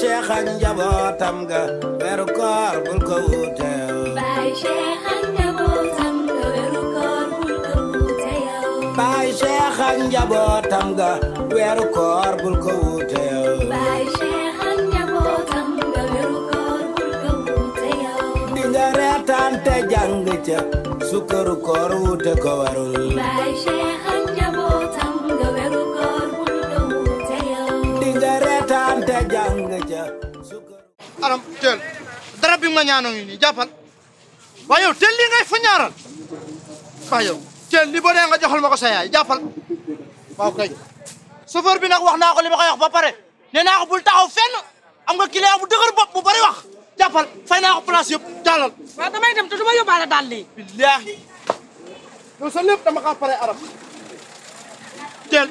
Cheikh ak njabootam ga weeru koor bul ko wuute Baay Cheikh ak njabootam ga weeru koor bul ko wuute yow Baay Cheikh ak njabootam ga weeru koor bul ko wuute yow Baay Cheikh ak njabootam ga weeru koor bul ko wuute yow di nga reetaan te jàng ca sukkaru koor wuute ko warul Baay Cheikh maanaam teel dara bi ma ñaanu ñu nii jàppal waaye yow teel lii ngay fu ñaaral waaye yow teel li bo de nga joxal mako sayay jappal yaay jàppal waaw kay chauffeur bi nak waxna ko li ma koy wax ba pare nee naa ko bul taxaw fenn am nga client bu deugar bop bu bari wax jappal fay naa ko place yop dalal wa damay dem te du ma yóbbaale daal lii. billaahi yow sa lépp dama ka pare arab teel.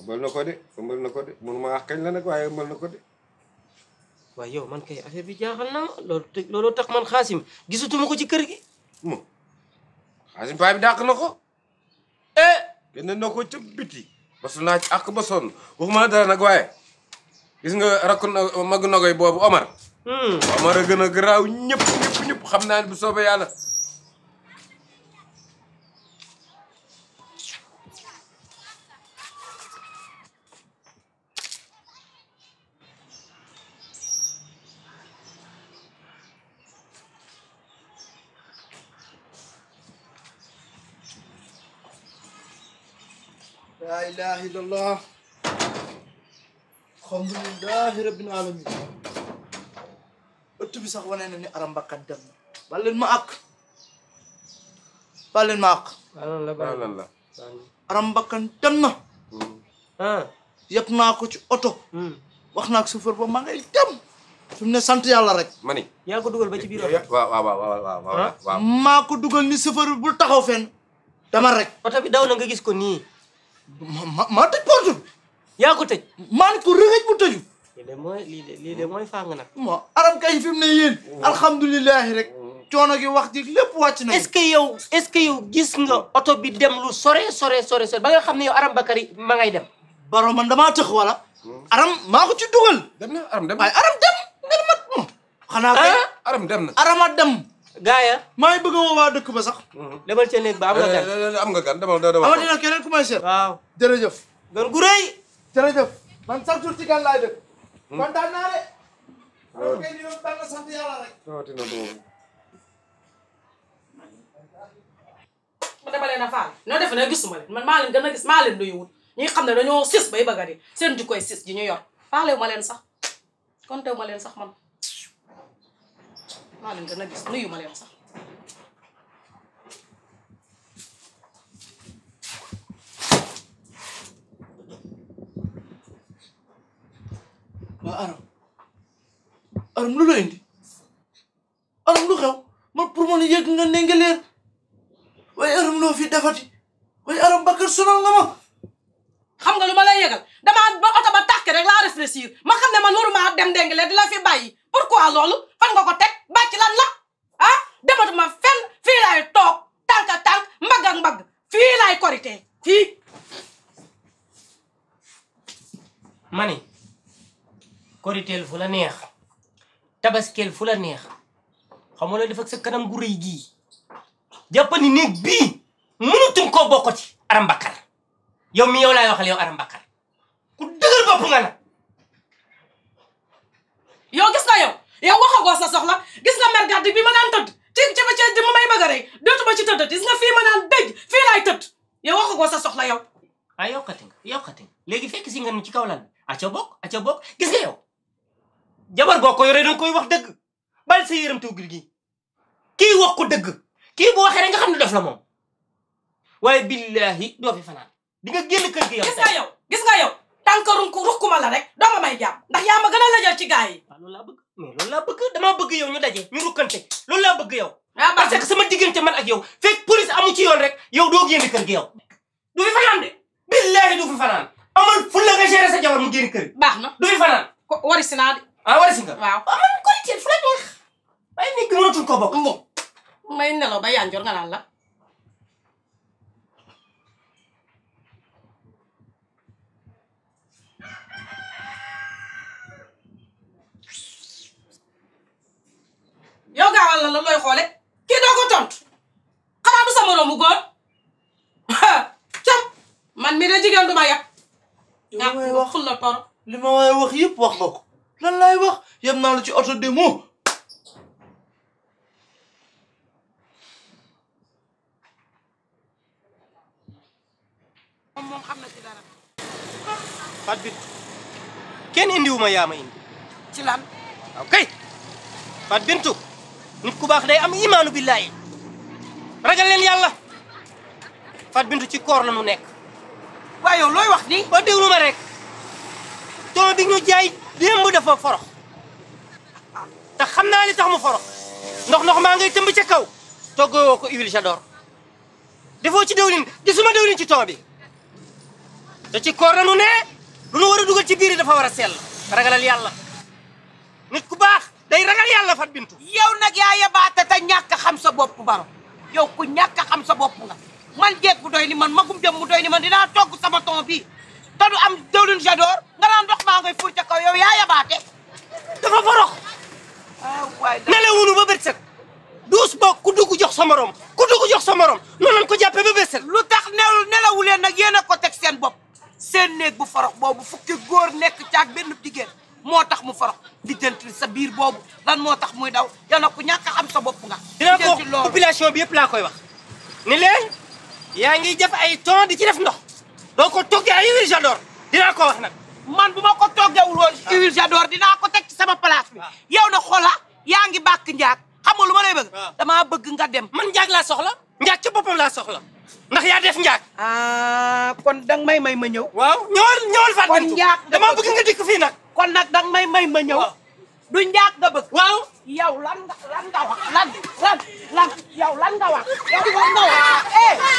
ëmbal na ko de ëmbal na ko de mënuma wax kañ la nag waaye ëmbal na de. waaye yow man kay affaire bi jaaxal na ma loolu man xaasim gisatuma ko ci kër gi. moom xaasim paa bi dàq na ko. eh génne na ko ca biti. basu naa ci àq ba sonn dara nag waaye gis nga rakk mag nagoy boobu Omar. Hmm. Omar a gën a garaaw ñëpp ñëpp xam naa bu soobee yàlla. La ilahe illallah. Alhamdulillahi ya rabbil alamin. Ëtt bi sax wane na ni aram bakkan dem na. Bal leen ma ak. Bal leen ma ak. Bal la bal la. Aram bakkan dem na. Hmm. Ah. Yëpp naa ko ci oto. Hmm. Wax naa ak chauffeur ba ma ngay dem. su ne sant yàlla rek. ma ni yaa ko dugal ba ci biir oto. Ya, ya. waaw waaw waaw waaw waaw. maa ko dugal ni chauffeur bi taxaw fenn. dama rek. oto oh, bi daw na nga gis ko nii. ma maa tëj porte yaa ko tëj. maa ko rëngëj bu tëju. lii de mooy lii de lii de mooy fàng nag. moo arab kay fi mu ne yéen. Mm. rek. coono gi wax ji lépp wàcc na. est-ce que yow est-ce que yow gis nga oto bi dem lu sore sore sore ba nga xam ne yow aram Bakari ma ngay dem. baro man damaa tëx wala. Mm. aram maa ko ci dugal. na aram dem na ma aram dem. ngir mat moom. xanaa kay aram dem dem. gaaya maa ngi bëgg a woo waa dëkk ba sax. Mm-hmm. demal ca néeg ba am nga gan. Eh, eh, eh, am nga gan demal demal. amati na keneen ku may seet. waaw jërëjëf. gan gu rëy. jërëjëf man sax tur ci gan laay dëkk. Hmm? kontaan naa de. waaw kay di doon noo defe ne gisuma leen a gis maa leen doyuwul xam ne dañoo sis bay bëgg di seen jikkoy sis ji ñu yor faalewu ma leen sax kontewu ma leen sax man. maalinka nagis nuyuma leen sax waa aram aram lu la indi aram lu xew man pour man yëg nga ne nga leer waaye aram loo fi defati waaye aram bakkar sonal nga ma xam nga lu ma lay yëgal damaa ba oto ba tàkk rek laa réfléchir ma xam ne man waruma dem deng leen di la fi bàyyi pourquoi lolu fan nga ko ba ci lan la ah dematuma fenn fii laay toog tànk tank tànk mbagg ak mbagg fi lay korité fi mané korité fu la neex tabaskel fu la neex xam nga dafa sa kanam gu reuy gi jappani ni bi munutun ko koo aram bakkar yow mi yow lay waxal yow aram bakkar ku deugal bop nga la yow yow waxagoo sa soxla gis nga mer gàdd bi ma naan tëdd ci ci ba ma may bëgg a rey dootuma ci tëdd gis nga fii ma naan dëj fii laay tëdd yow waxagoo sa soxla yow. ah yokkati nga yokkati nga léegi si nga nu ci kaw lan a ca bokk a ca bokk gis nga yow. jabar goo ko yoree koy wax dëgg bal sa yërëm taw gi kii wax ko dëgg kii bu waxee rek nga xam ne def la moom waaye billahi doo fi fanaan di nga génn kër gi yow. gis nga yow gis nga yow tànk ruñ ko rukkuma la rek doo ma may jàmm ndax yaa ma gën a ci gaa yi. waaw ah, loolu bëgg. mais loolu laa bëgg damaa bëgg yow ñu daje ñu rukkante loolu laa bëgg yow. parce que sama diggante man ak yow fekk police amu ci yoon rek yow doo génn kër gi yow. du fi fanaan de. billaahi du fanaan. amal ful la nga gérer sa jabar mu génn kër. baax na du fi fanaan. ko warisi naa de. ah warisi nga. waaw ah man kon ci fu la neex. waaye nit ki mënatul ko bokk. bon may nelaw ba yaa njor nga naan la. yow gaawal la lan xoole kii doo ko tontu xanaa du sa man mi da jigéen du ma yàq. waxul la torop li ma waay wax yëpp wax nga ko lan laay wax yem naa la ci oto demo moom xam na ci dara. Bintu. nit ku baax day am imaanu billaahi ragal yàlla Fat Bintou ci koor la nu nekk. waaye yow looy wax nii. ba déglu ma rek ton bi ñu jaay démb dafa forox te xam naa li tax mu forox ndox ndox maa ngay tëmb ca kaw toggoo ko huile j'adore defoo ci dawlin gisuma dawlin ci ton bi te ci koor la nu ne lu nu war a dugal ci biir dafa war a sell ragalal yàlla nit ku baax. day ragal yàlla fat bintu yow nag yaa yabaate te ñàkk xam sa bopp baro yow ku ñàkk xam sa bopp nga man jeeg bu doy ni man ma jëm mu doy ni man dinaa togg sama ton bii ta du am dawlin jadoor nga naan ndox maa ngay fur ca kaw yow yaa yabaate dafa forox ah, nelawunu ba bët set duus ba ku dugg jox sa morom ku dugg jox sa morom noonu ko jàppee ba bët set lu tax nelaw nelawu leen nag yéen a ko teg seen bopp seen néeg bu forox boobu fukki góor nekk caag benn jigéen moo tax mu forox lijjantil sa bir bobu lan motax moy daw yal na ku ñàkk am sa bop nga. dina ko population bi yepp la koy wax. ni le yaa ngi jëf ay ton di ci def ndox. do ko toggee ay wir jador dina ko wax nak man bu ko toggeewul woon wir ah. jador dina ko tek ci sama place bi. Ah. yow na xola yaa ngi bàkk njaag xam lu ma lay bëgg. Ah. dama bëgg nga dem. man njaag la soxla. njaag ci bopam la soxla. ndax ya def njaag. ah kon dang may may ma ñew waaw ñëwal ñëwal fa dem njaag dama bëgg nga dik fi nak kon nak dang may may ma ñëw. duñ yàgg nga bëgg. lâu yow lan lan nga wax lan lan lan yow lan nga wax yow lan nga wax